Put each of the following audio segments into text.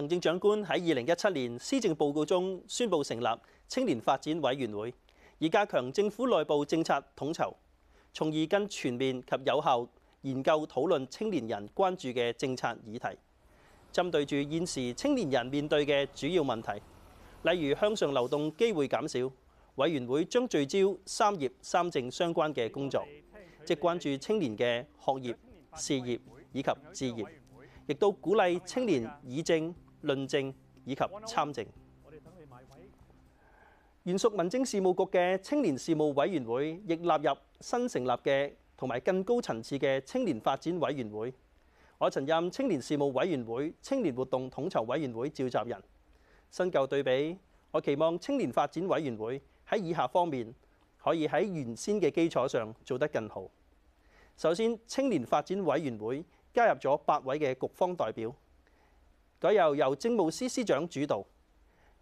行政長官喺二零一七年施政報告中宣布成立青年發展委員會，以加強政府內部政策統籌，從而更全面及有效研究討論青年人關注嘅政策議題。針對住現時青年人面對嘅主要問題，例如向上流動機會減少，委員會將聚焦三業三政相關嘅工作，即關注青年嘅學業、事業以及置業，亦都鼓勵青年以政。論政以及參政。原屬民政事務局嘅青年事務委員會，亦納入新成立嘅同埋更高層次嘅青年發展委員會。我曾任青年事務委員會、青年活動統籌委員會召集人。新舊對比，我期望青年發展委員會喺以下方面可以喺原先嘅基礎上做得更好。首先，青年發展委員會加入咗八位嘅局方代表。改由由政務司司長主導，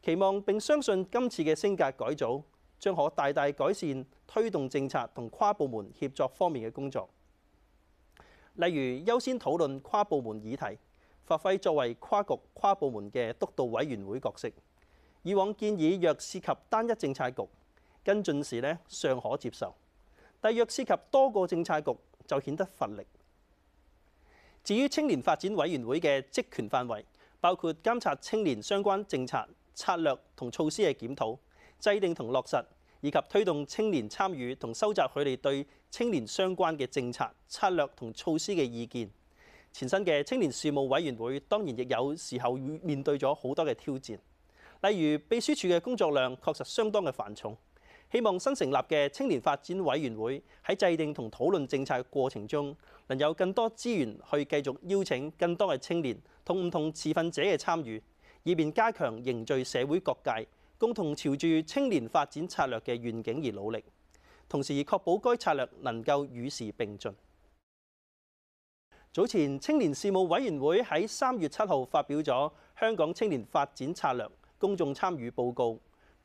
期望並相信今次嘅升格改組將可大大改善推動政策同跨部門協作方面嘅工作。例如優先討論跨部門議題，發揮作為跨局跨部門嘅督導委員會角色。以往建議若涉及單一政策局跟進時咧，尚可接受；但若涉及多個政策局，就顯得乏力。至於青年發展委員會嘅職權範圍。包括監察青年相關政策、策略同措施嘅檢討、制定同落實，以及推動青年參與同收集佢哋對青年相關嘅政策、策略同措施嘅意見。前身嘅青年事務委員會當然亦有時候面對咗好多嘅挑戰，例如秘書處嘅工作量確實相當嘅繁重。希望新成立嘅青年發展委員會喺制定同討論政策嘅過程中，能有更多資源去繼續邀請更多嘅青年同唔同持份者嘅參與，以便加強凝聚社會各界，共同朝住青年發展策略嘅願景而努力。同時確保該策略能夠與時並進。早前青年事務委員會喺三月七號發表咗《香港青年發展策略公眾參與報告》。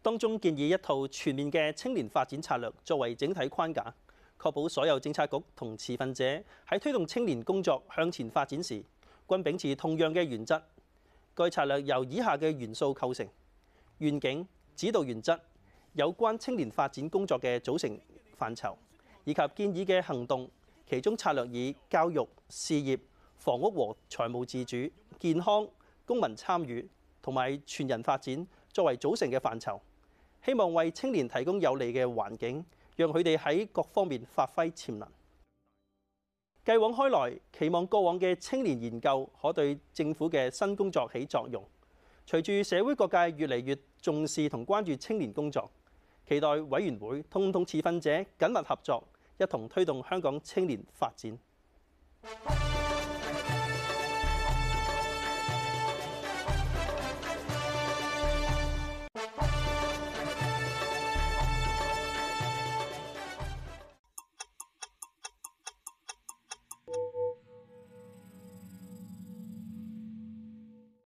當中建議一套全面嘅青年發展策略作為整體框架，確保所有政策局同持份者喺推動青年工作向前發展時，均秉持同樣嘅原則。該策略由以下嘅元素構成：願景、指導原則、有關青年發展工作嘅組成範疇，以及建議嘅行動。其中策略以教育、事業、房屋和財務自主、健康、公民參與同埋全人發展作為組成嘅範疇。希望為青年提供有利嘅環境，讓佢哋喺各方面發揮潛能。繼往開來，期望過往嘅青年研究可對政府嘅新工作起作用。隨住社會各界越嚟越重視同關注青年工作，期待委員會同不同持份者緊密合作，一同推動香港青年發展。